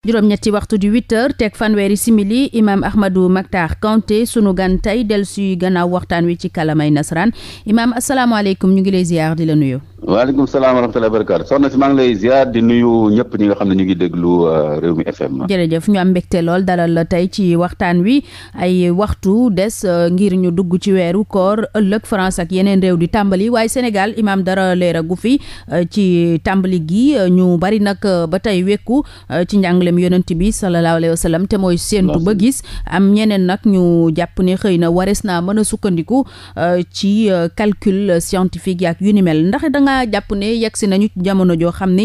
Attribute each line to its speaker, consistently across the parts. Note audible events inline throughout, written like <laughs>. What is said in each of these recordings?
Speaker 1: juróom-ñetti waxtu di 8 heures teg fanweeri simili imaam Ahmadou Mactar Kanté sunu gan tey dellu si gannaaw waxtaan wi ci kalamay nasaraan imaam asalaamaaleykum ñu ngi lay ziar di la nuyu.
Speaker 2: waaleykum salaam wa rahmatulah barakaatu maa ngi lay ziar di nuyu ñëpp ñi xam ne ñu ngi déglu euh, réew
Speaker 1: ñu am mbégte lool dalal la tey ci waxtaan wi ay waxtu des euh, ngir ñu dugg ci weeru koor ëllëg France yeneen réew di tàmbali waaye Sénégal imaam dara leeragu fi euh, ci tàmbali gi ñu bari nag ba tey wekku ci njàngaleem yonent bi sallallahu alayhi te mooy séentu ba gis am ñeneen nag ñu jàpp ne xëy na warees naa mën a sukkandiku ci calcul scientifique yaak yu ni mel naa jàpp ne yegg si nañu jamono joo xam ne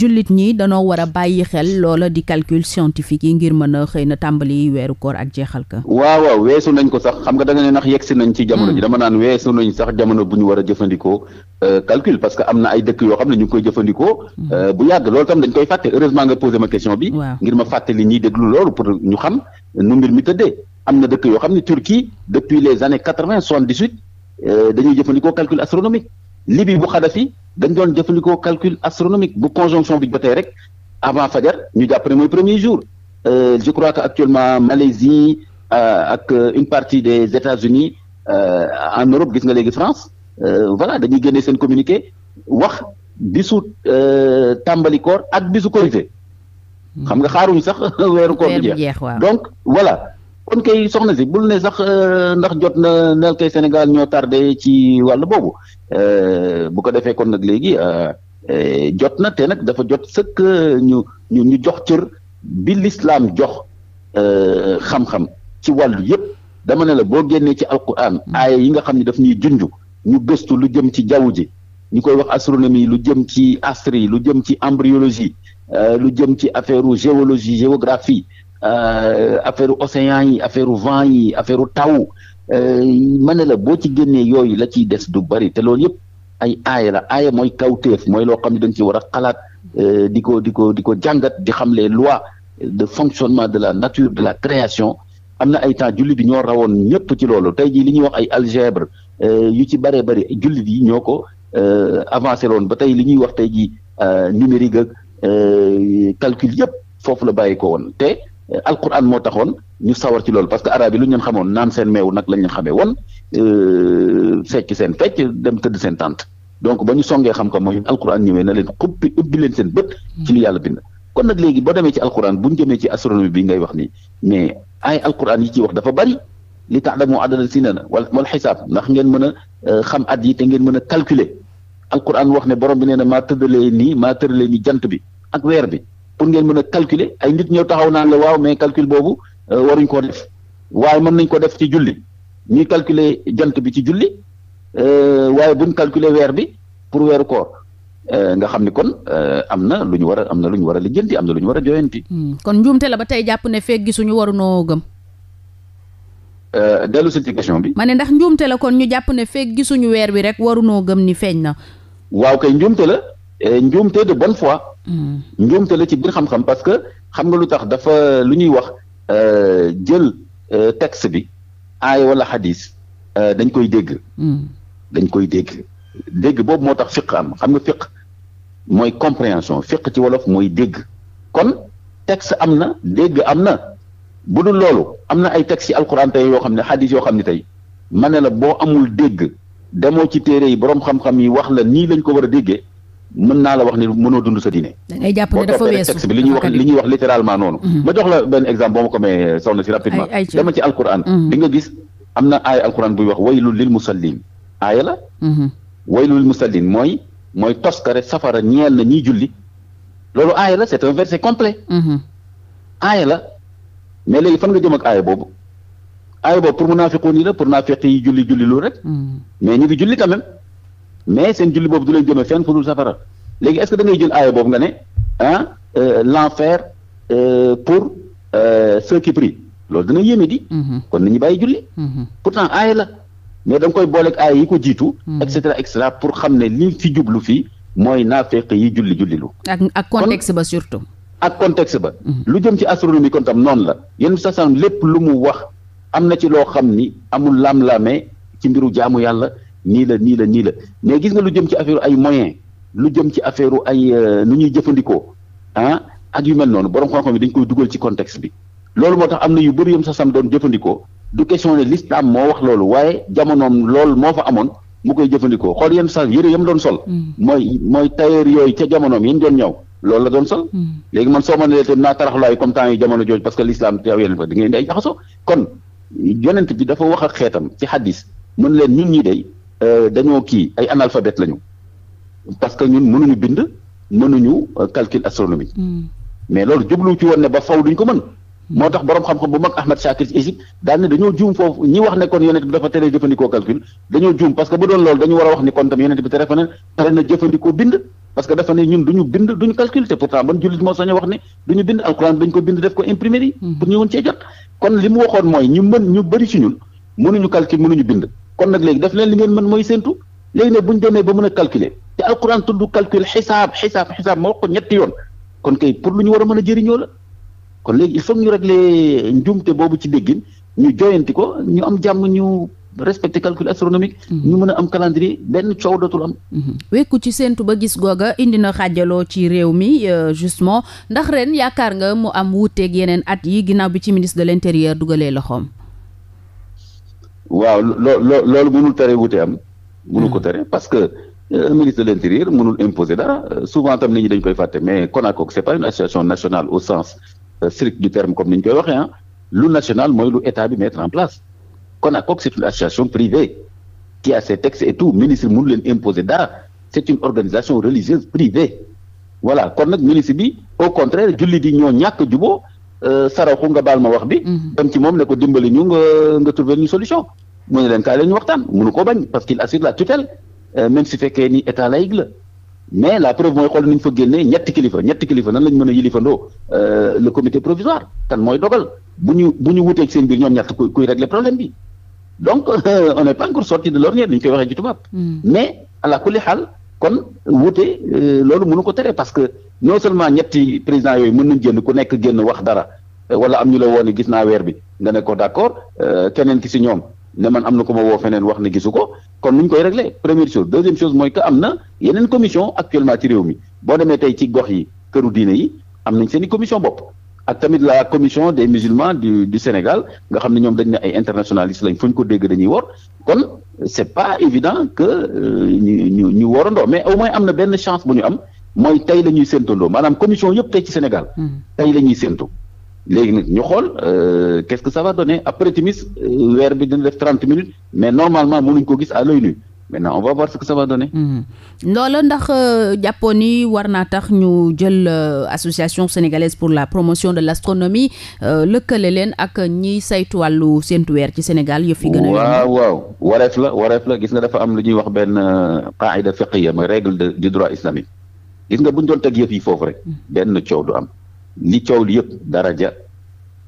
Speaker 1: jullit ñi danoo war a bàyyi xel loola di calcul scientifique yi ngir mën a xëy na tàmbali weeru koor ak jeexal ka
Speaker 2: waaw waaw weesu nañ ko sax xam nga da nga ne nax yegg si nañ ci jamono ji hmm. dama naan weesu nañ sax jamono bu ñu war a jëfandikoo euh, calcul parce que am na ay dëkk yoo xam ne ñu koy jëfandikoo hmm. euh, bu yàgg loolu tam dañ koy fàtte heureusement nga posé ma question bi ngir ma fàttali ñiy déglu ñu na dëkk yoo xam ne Turquie depuis les années quatre-vingt soixante-dix-huit euh, dañuy jëfandikoo calcul astronomique Libye bu Kadhafi dañ doon jëfandikoo calcul astronomique bu conjonction bi jotee rek avant fajar ñu jàpp mooy premier jour euh, je crois que actuellement Malaisie euh, ak euh, une partie des États-Unis en Europe gis nga léegi France voilà dañuy génnee seen communiqué wax bisu tàmbali koor ak bisu korité xam nga xaaruñu sax <laughs> weeru koor bi donc voilà kon kay soxna si bul ne sax ndax jot na nel kay Sénégal ñoo tardé ci wàll boobu Euh, bu ko defee kon nag léegi euh, euh, jot na te nag dafa jot sëkk ñu ñu ñu jox cër bi lislaam jox xam-xam ci wàllu yëpp dama ne la boo génnee ci alquran hmm. aaya yi nga xam ne daf ñuy junj ñu gëstu lu jëm ci jaww ji ñu koy wax astronomie lu jëm ci astre lu jëm ci embryologie lu jëm ci affaire géologie géographie Euh, affaire océan yi affaire vent yi affaire taw euh, ma ne la boo ci génnee yooyu la ciy des du bari te loolu yëpp ay aaya la aaya mooy kawteef mooy loo xam ne dañ ci war a xalaat euh, di ko di ko di ko jàngat di xam les lois de fonctionnement de la nature de la création am na ay temps jullit yi ñoo rawoon ñëpp ci loolu tey jii li ñuy wax ay algèbre yu ci bëree bëri jullit yi ñoo ko avancé loon ba tey li ñuy wax tey jii numérique ak calcul yëpp foofu la bàyyi ko woon te Euh, alquran moo taxoon ñu sawar ci loolu parce que arab yi lu ñu xamoon naan seen meew nag lañ leen xamee woon euh, fecc seen fecc dem tëdd seen tant donc ba ñu songee xam-xam mooy alquran ñëwee na leen xubbi ubbi leen seen bët ci li yàlla bind kon nag léegi boo demee ci alquran bu ñu jëmee ci astronomie bi ngay wax nii mais ay alquran yi ciy wax dafa bari li taalamu adada sinana wal wal xisaab ndax ngeen mën a euh, xam at yi te ngeen mën a calculer alquran wax ne borom bi nee na maa tëddalee nii maa tëralee jant bi ak bi pour ngeen mën a calculer ay nit ñëw taxaw naan la waaw mais calcul boobu euh, waruñ koo def waaye mën nañ koo def ci julli ñuy calculer jant bi ci julli euh, waaye buñ calculer weer bi pour weeru koor euh, nga xam ni kon am na lu ñu war a am na lu ñu war a lijjanti am na lu ñu war a joyanti. Hmm.
Speaker 1: kon njuumte la ba tey jàpp ne feeg gisuñu warunoo gëm.
Speaker 2: dellu si ci question bi.
Speaker 1: ma ndax njuumte la kon ñu jàpp ne feeg gisuñu weer bi rek warunoo gëm ni feeñ na.
Speaker 2: waaw kay njuumte la njuumte de bonne fois njuumte la ci biir xam-xam parce que xam nga lu tax dafa lu ñuy wax euh, jël euh, texte bi aay wala xadis euh, dañ koy dégg mm. dañ koy dégg dégg boobu moo tax fiq am xam nga fiq mooy compréhension fiq ci wolof mooy dégg kon texte am na dégg am na bu dul loolu am na ay texte ci alquran tey yoo xam ne xadis yoo xam ne tey ma ne la boo amul dégg demoo ci téere yi boroom xam-xam yi wax la nii lañ ko war a déggee mën naa la wax ni mënoo dund sa diine. da
Speaker 1: ngay jàpp bi li ñuy wax
Speaker 2: li noonu. Mhm. ma jox la benn exemple boo ma ko mayee eh, soxna si rapidement. dama ci alquran. Mhm. di nga gis am na aaya alquran buy wax waylul lil musallin aaya la. Mhm. waylul lil musallin mooy mooy toskare safara ñeel na ñiy julli loolu aaya la c'est un verset complet. aaya la mais léegi fan nga jëm ak aaya boobu. aaya boobu pour munaafiqoon yi la pour naafiq yi julli julli loolu rek. mais ñu ngi julli quand mais seen julli boobu du leen jëmee fenn fu dul safara léegi est-ce que da jël aaya boobu nga ne ah l'enfer euh, pour euh, ceux qui loolu dana yéeme di. Mm-hmm. kon nañu bàyyi julli. Mm-hmm. pourtant aaya la mais da koy booleeg aaya yi ko jiitu. Mm-hmm. et cetera et pour xam ne li fi jublu fii mooy naafeq yi julli julli lu.
Speaker 1: ak ak contexte ba surtout.
Speaker 2: ak contexte ba. lu jëm ci astronomie kon tam noonu la yenn sax lépp lu mu wax am na ci loo xam ni amul laam-laamee ci mbiru jaamu yàlla. nii la nii la nii la mais gis nga lu jëm ci affaire ay moyen lu jëm ci affaire ay euh, nu ñuy jëfandikoo ah ak yu mel noonu borom xam-xam yi dañ koy dugal ci contexte bi loolu moo tax am na yu bëri yom sa sam doon jëfandikoo du question ne l'islam moo wax loolu waaye jamonoom lool moo fa amoon mu koy jëfandikoo xool yenn sa yëre yam doon sol mm. mooy mooy tailleur yooyu ca jamonoom yéen doon ñëw loolu la doon sol mm. léegi man soo ma ne tam naa taraxlaayu comme temps yi jamono jooju parce que bi dafa wax ak xeetam ci xadis mën leen ñun ñi Euh, dañoo kii ay analphabètes lañu parce que ñun mënuñu bind mënuñu euh, calcul astronomique. Hmm. mais loolu jublu ci woon ne ba faw duñ ko mën. Hmm. moo tax borom xam-xam bu mag Ahmad Shakir ci daal ne dañoo juum foofu ñi wax ne kon yonent bi dafa tere jëfandikoo calcul dañoo a wax ni kon tam yonent bi tere fa ne tere na jëfandikoo bind. parce que dafa ne ñun duñu bind duñu calcul te pourtant ban jullit moo sañ a wax ne duñu bind alquran dañ ko bind def ko imprimerie. Hmm. pour ñu mën cee jot kon li mu waxoon mooy ñu mën ñu bëri ci ñun mënuñu calcul mënuñu bind. kon nag léegi def leen li ngeen man mooy séntu léegi nag bu ñu demee ba mën a calculer te alquran tudd calcul xisaab xisaab xisaab ma wax ko ñetti yoon kon kay pour lu ñu war a mën a jëriñoo la kon léegi il faut ñu régler njuumte boobu ci déggin ñu joyanti ko ñu am jàmm ñu respecte calcul astronomique. Mhm. ñu mën a am calendrier benn coow dootul am. Mhm. wekku ci séentu
Speaker 1: ba gis googa indi na xaajaloo ci réew mi euh, justement ndax ren yaakaar nga mu am wuuteeg yeneen at yi ginnaaw bi ci ministre de l' dugalee loxoom.
Speaker 2: waaw loo loo loolu munul tere wute am. mënul ko hmm. tere parce que euh, ministre de l' intérieur mënul imposer dara euh, souvent tam nit ñi dañ koy fàtte mais CONACOC c' est pas une association nationale au sens euh, strict du terme comme ni ñu koy waxe ah lu national mooy lu état bi mettre en place CONACOC c' est une association privée qui a ses textes et tout ministre mënul leen imposer dara c' est une organisation religieuse privée voilà kon nag ministre bi au contraire julli di ñoo ñàkk juboo Euh, saraxu nga baal ma wax bi. Mhm. dem ci moom ne ko dimbali ñu nga nga trouver ñu solution mu ne leen kaay la waxtaan mënu ko bañ parce qu'il assure la tutelle euh, même si fekkee ni état laïque la mais la preuve mooy xool ni fa génnee ñetti kilifa ñetti kilifa nan la mën a yilifandoo euh, le comité provisoire kan mooy dogal bu ñu bu ñu wuteeg seen biir ñoom ñett kuy kuy problème bi donc <laughs> on n'est pas encore sorti de l'ornière ni ñu koy waxee ci tubaab. Mm. mais ala kulli xaal kon wuute euh, loolu mënu ko tere parce que non seulement ñetti président yooyu mën nañ génn ku nekk génn wax dara euh, wala am ñu la woo ne gis naa weer bi nga ne ko d'accord euh, keneen ki si ñoom ne man am na ko ma woo feneen wax ne gisu ko kon nuñ koy régler première chose deuxième chose mooy que am na yeneen commission actuellement ci réew mi boo demee tey ci gox yi këru diine yi am nañ seen i commission bopp ak tamit la commission des musulmans du du Sénégal nga xam ne ñoom dañ ne ay internationalistes lañ fu ñu ko dégg dañuy wor kon c'est pas évident que euh, ñu ñu ñu worandoo mais au moins am na benn chance bu ñu am mooy tey la ñuy maanaam commission yëpp tey ci Sénégal. Hmm. la ñuy séentu. léegi nag ñu xool euh, qu'est-ce que ça va donner après timis euh, weer bi dina def trente minutes mais normalement mënuñ ko gis à l'œil nu maintenant on va voir ce que ça va donner. loolu
Speaker 1: mm-hmm. ndax euh, jàppoon ni war naa tax ñu jël euh, association sénégalaise pour la promotion de l' astronomie euh, lëkkale leen ak ñiy saytu wàllu séntu weer ci Sénégal yëpp yi gën a.
Speaker 2: waaw waaw gis nga dafa am lu ñuy wax benn qaida fiqhiya mooy règle de du droit islamique gis nga bu ñu doon teg yëpp yi foofu rek. Mm-hmm. benn coow du am li coow lu yëpp daraja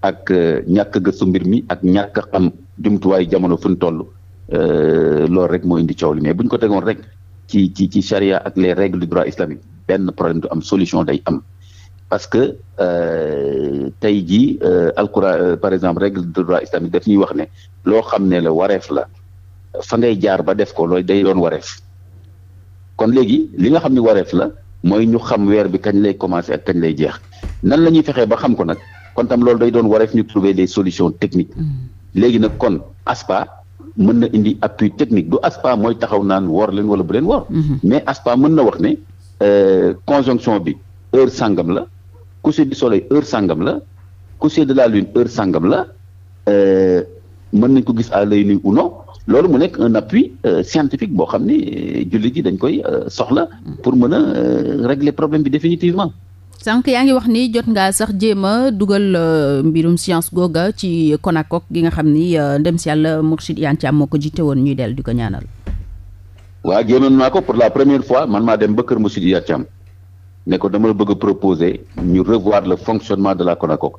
Speaker 2: ak ñàkk gëstu mbir mi ak ñàkk xam jumtuwaayu jamono fu ñu toll. Euh, loolu rek moo indi coow li mais bu ñu ko tegoon rek ci ci ci charia ak les règles du droit islamique benn problème du am solution day am parce que euh, tey jii euh, alquran par exemple règle du droit islamique daf ñuy wax ne loo xam ne la wareef la fa ngay jaar ba def ko loolu day doon wareef kon léegi li nga xam ne wareef la mooy ñu xam weer bi kañ lay commencer ak kañ lay jeex nan la ñuy fexee ba xam ko nag kon tam loolu day doon wareef ñu trouver les solutions techniques mm. léegi nag kon ASPA mën na indi appui technique du ASPA mooy taxaw naan woor leen wala bu leen woor. Mhm. mais ASPA mën na wax ne euh, conjonction bi heure sangam la coucher du soleil heure sangam la coucher de la lune heure sangam la euh, mën nañ ko gis à l'œil nu ou loolu mu nekk un appui euh, scientifique boo xam ne jullit yi dañ koy soxla pour mën a régler problème bi définitivement.
Speaker 1: sànq yaa ngi wax ni jot ngaa sax jéem a dugal euh, mbirum science googa ci CONACOC gi nga xam ni euh, ndem si yàlla Mourchid Iyane Thiam moo ko jiite woon ñuy del di ko ñaanal.
Speaker 2: waaw jéemoon naa ko pour la première fois man maa dem ba kër Mourchid Iyane Thiam ne ko dama la bëgg a proposer ñu revoir le fonctionnement de la CONACOC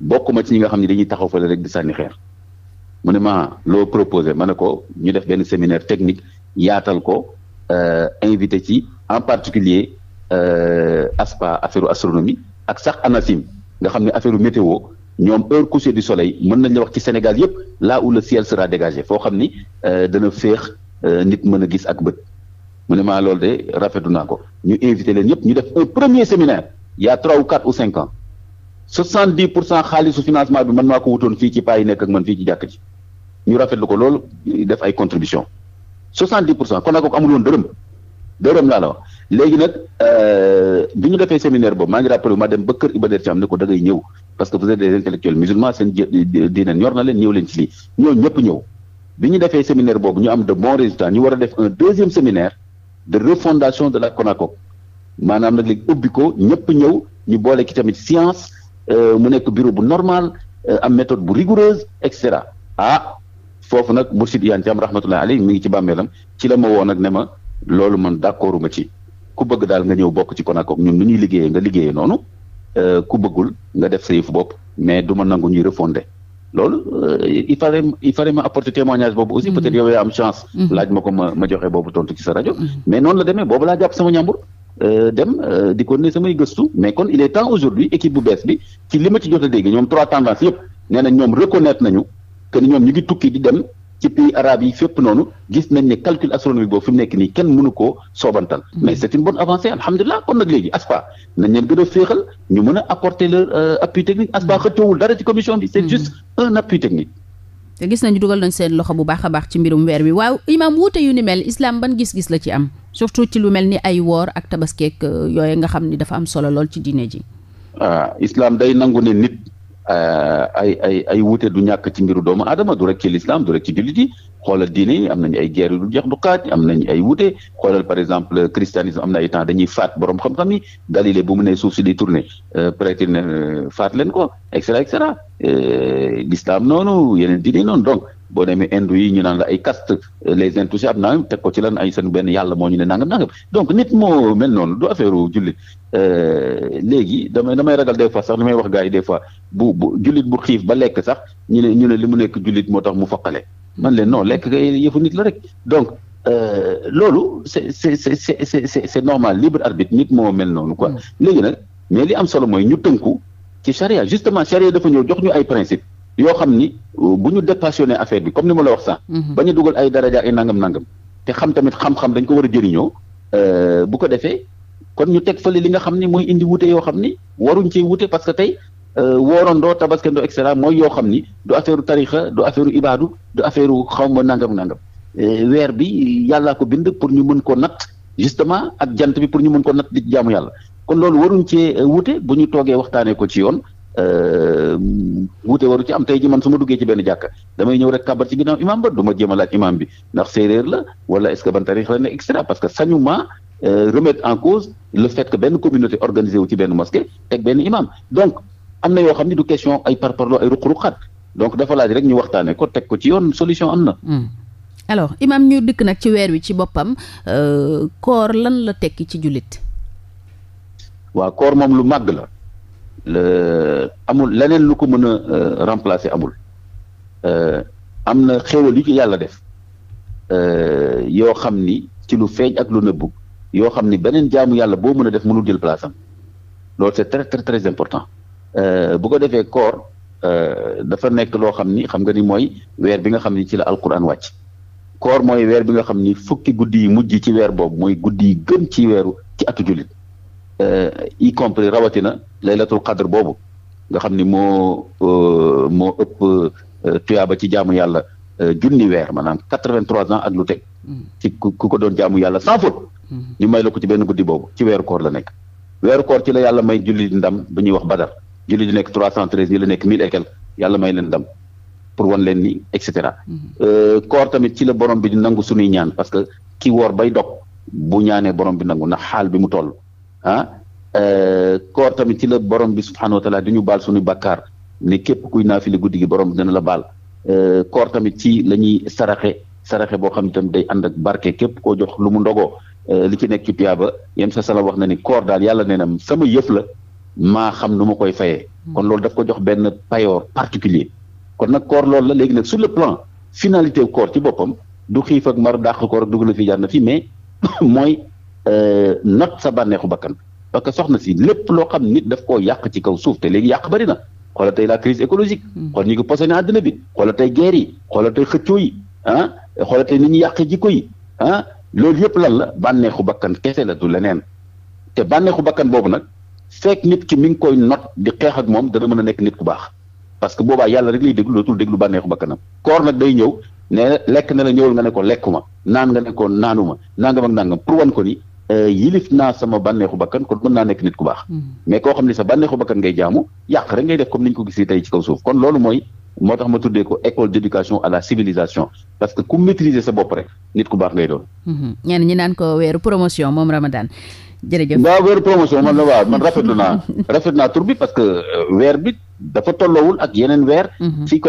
Speaker 2: bokk ma ci ñi nga xam ne dañuy taxaw fële rek di sànni xeer mu ne ma loo proposé ma ne ko ñu def benn séminaire technique yaatal ko euh, invité ci en particulier Euh, ASPA affaire astronomie ak sax ANACIM nga xam ne affaire météo ñoom heure coucher du soleil mën nañ la wax ci Sénégal yëpp laa où le sera dégagé foo xam ni euh, dana féex euh, nit mën a gis ak bët mu ne maa loolu de rafetu naa ko ñu invité leen yëpp ñu def un premier séminaire il y a trois ou quatre ou cinq ans soixante dix pour cent xaalisu financement bi man maa ko wutoon fii ci paa yi nekk ak man fii ci jàkk ci ñu rafetlu ko loolu def ay contribution soixante pour cent kon nag dërëm dërëm laa léegi nag euh, bi ñu defee séminaire boobu maa ngi rappelé ma dem ba kër Iba Der ne ko da ngay ñëw parce que vous êtes des intellectuels musulmans seen diine ñor na leen ñëw leen ci lii ñoo ñëpp ñëw bi ñu defee séminaire boobu ñu am de bons résultats ñu war a def un deuxième séminaire de refondation de la CONACOC maanaam nag léegi ubbi ko ñëpp ñëw ñu boole ki tamit science euh, mu nekk bureau bu normal euh, am méthode bu rigoureuse et cetera ah foofu nag Mourchid Iyane Thiam rahmatullahi alayhi mi ngi ci bàmmeelam ci la ma woo nag ne ma loolu man d'accorduma ci ku bëgg daal nga ñëw bokk ci Conacoम ñun lu ñuy liggéeyee nga liggéeyee noonu euh, ku bëggul nga def sa yëfu bopp mais du ma nangu ñuy refondé loolu euh, il fallait il fallait ma apporter témoignage boobu aussi mm-hmm. chance mm-hmm. laaj ma ko ma joxe boobu tontu ci sa rajo mm-hmm. mais noonu la demee boobu laa jàpp sama ñàmbur euh, dem di ko ne samay gëstu mais kon il est temps aujourd'hui équipe bu bees bi ci li ci jot a dégg ñoom trois tendances yëpp nee ñoom reconnaître nañu que ñoom ñu ngi tukki di dem ci pays arabes yi fépp noonu gis nañ ne calcul astronomique boobu fi mu nekk nii kenn mënu koo soobantal mm-hmm. mais c' est une bonne avancée alhamdulilah kon nag léegi ASPA nañ leen gën a féexal ñu mën a apporter leur euh, appui technique ASPA mm-hmm. xëccoowul dara ci commission bi c' est mm-hmm. juste un appui technique
Speaker 1: te gis nañu dugal nañ seen loxo bu baax a baax ci mbirum weer wi waaw imaam wuute yu ni mel islam ban gis-gis la ci am surtout ci lu mel ni ay woor ak tabaskeek euh, yooyu nga xam ni dafa am solo lool ci diine ji.
Speaker 2: ah day nangu ne nit Euh, ay ay ay wute du ñàkk ci mbiru doomu aadama du rek ci l'islam du rek ci jullit yi xoolal diine yi am nañu ay guerre du jeex du xaaj am nañ ay wute xoolal par exemple euh, christianisme am na ay temps dañuy faat borom xam-xam yi Galilée bu na ne suuf si di tourné euh, prêtre ne faat leen ko et cetera et cetera l'islam noonu yeneen diine noonu donc boo demee hindu yi ñu naan la ay caste euh, les intouchables naa teg ko ci lan ay seen benn yàlla moo ñu ne nangam nangam donc nit moo mel noonu du affaire jullit euh, léegi damay damay ragal des fois sax li may wax gars yi des fois bu bu jullit bu xiif ba lekk sax ñu ne ñu ne li mu nekk jullit moo tax mu foqale man leen non lekk kay yëfu nit la rek donc euh, loolu c'est c'est c'est c'est c'est normal libre arbitre nit moo mel noonu quoi mm. léegi nag mais li am solo mooy ñu tënku ci charia justement charia dafa ñëw jox ñu ay principe yoo xam ni euh, bu ñu dépassionné affaire bi comme ni ma la wax sax. Mhm. bañ a dugal ay daraja ay nangam nangam. te xam tamit xam-xam dañ ko war a jëriñoo. Euh, bu ko defee kon ñu teg fële li nga xam ni mooy indi wute yoo xam ni waruñ ci wute parce que tey euh, woorandoo tabaskandoo et cetera mooy yoo xam ni du affaire tarixa du affaire ibaadu du affaire xaw ma nangam nangam. weer bi yàllaa ko bind pour ñu mën ko natt justement ak jant bi pour ñu mën ko natt di jaamu yàlla kon loolu waruñ cee wute bu ñu toogee waxtaanee ko ci yoon. Euh, wuute waru ci am tey ji man su ma duggee ci benn jàkka damay ñëw rek kàbbat ci ginnaaw imam ba du ma jéem a bi ndax séeréer la wala est-ce que ban tarix la ne et cetera parce que sañuma euh, remettre en cause le fait que benn communauté organisé wu ci benn mosquée teg benn imam donc am na yoo xam ne du question ay parparloo ay ruq-ruqaat donc dafa laaj rek ñu waxtaanee ko teg ko ci yoon solution am na.
Speaker 1: Hmm. alors imam ñu dikk nag ci weer wi ci boppam euh, koor lan la tekki ci
Speaker 2: jullit. waaw moom lu màgg la amul leneen lu ko mën a euh, remplacer amul euh, am na xéwal yu ci yàlla def euh, yoo xam ni ci lu feeñ ak lu nëbbu yoo xam ni beneen jaamu yàlla boo mën a def mënul jël place am loolu c'est très très très important bu ko defee koor dafa nekk loo xam ni xam nga ni mooy weer bi nga xam ni ci la alquran wàcc koor mooy weer bi nga xam ni fukki guddi yi mujj ci weer boobu mooy guddi yi gën ci weeru ci atu jullit Euh, y compris rawatina laylatul qadr boobu nga xam ni moo euh, moo ëpp euh, tuyaaba ci jaamu yàlla junni weer maanaam quatre-vingt-trois ans ak lu ci ku ko doon jaamu yàlla sans ñu may la ko ci benn guddi boobu ci weeru koor la nekk weeru koor ci la yàlla may julli ndam bu ñuy wax badar julli di nekk trois cent treize ñi la nekk mille et yàlla may leen dam pour wan leen ni et cetera mm-hmm. koor tamit ci la borom bi di nangu sunuy ñaan parce que ki woor bay dog bu ñaanee borom bi nangu ndax xaal bi mu toll ah euh, koor tamit ci la borom bi subxanahu wa taala ñu baal suñu bakkaar ne képp kuy naafile guddi gi borom bi dana la baal euh, koor tamit ci la ñuy saraxe saraxe boo xam ne tamit day ànd ak barke képp koo jox lu mu ndogoo euh, li ci nekk ci tuyaaba sa sala wax na ni koor daal yàlla nee na sama yëf la maa xam nu ma koy fayee. kon loolu daf ko jox benn payoor particulier kon nag koor loolu la léegi nag sur le plan finalité koor ci boppam du xiif ak mar dàq koor fi jaar na fi mais <coughs> Euh, not sa bànneexu bakkan parce que soxna si lépp loo xam nit daf koo yàq ci kaw suuf te léegi yàq bari na xoola tey la crise écologique hmm. xool ñu ko posé ne àddina bi xoola tey guerre yi xoola tey ah xoola tey ni ñu yàq jikko koy ah loolu yëpp lan la bànneexu bakkan kese la du leneen te bànneexu bakkan boobu nag fekk nit ki mi ngi koy not di xeex ak moom dana mën a nekk nit ku baax parce que boobaa yàlla rek lay déglu dootul déglu bànneexu bakkanam koor nag day ñëw ne lekk na la ñëwal nga ne ko lekkuma naan nga nekkoon ko naanuma nangam nangam pour ko ni Euh, yilif naa sama bànneexu bakkan kon mën naa nekk nit ku baax. Hmm. mais koo xam ne sa bànneexu bakkan ngay jaamu yàq rek ngay def comme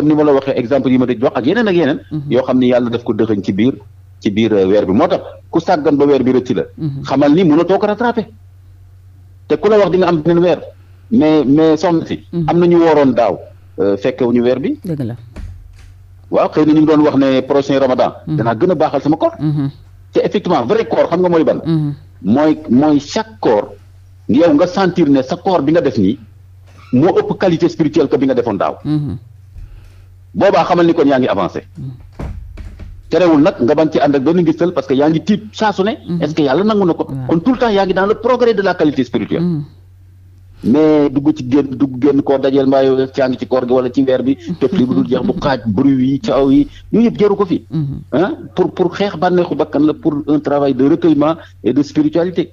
Speaker 2: ni ma la waxee exemple yi ma daj wax ak yeneen ak yeneen. Hmm. yoo xam ni yàlla daf ko dëxëñ ci biir ci biir euh, weer bi moo tax ku sàggan ba weer bi rëcc la. Mhm. xamal ni mënatoo ko rattrapé te ku la wax di am beneen weer mais mais soxna si. Mhm. am na ñu wooroon daaw euh, ñu weer bi. dëgg la waaw xëy na ñu ngi doon wax ne prochain Ramadan. Mhm. danaa gën a baaxal sama koor. te effectivement vrai koor xam nga mooy ban. mooy mooy chaque koor yow nga sentir ne sa koor bi nga def nii moo ëpp qualité spirituelle que bi nga defoon daaw. boobaa xamal ni kon yaa ngi avancé. terewul nag nga ban ci ànd ak benn ngistal parce que yaa ngi tiit saa su ne. Mm-hmm. est-ce que yàlla nangu na ko. Mm-hmm. kon tout le yaa ngi dans le progrès de la qualité spirituelle. Mm-hmm. mais dugg ci génn dugg génn koo dajeel mbaa yow caa ngi ci koor gi wala ci weer bi. te li bu dul jeex bu xaaj bruit yi caaw yi yooyu yëpp jaru ko fi. ah pour pour xeex bànneexu bakkan la pour un travail de recueillement et de spiritualité.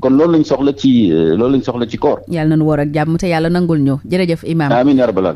Speaker 2: kon loolu lañ soxla ci euh, loolu lañ soxla ci koor.
Speaker 1: yàlla na n ak jàmm te yàlla nangul ñu jërëjëf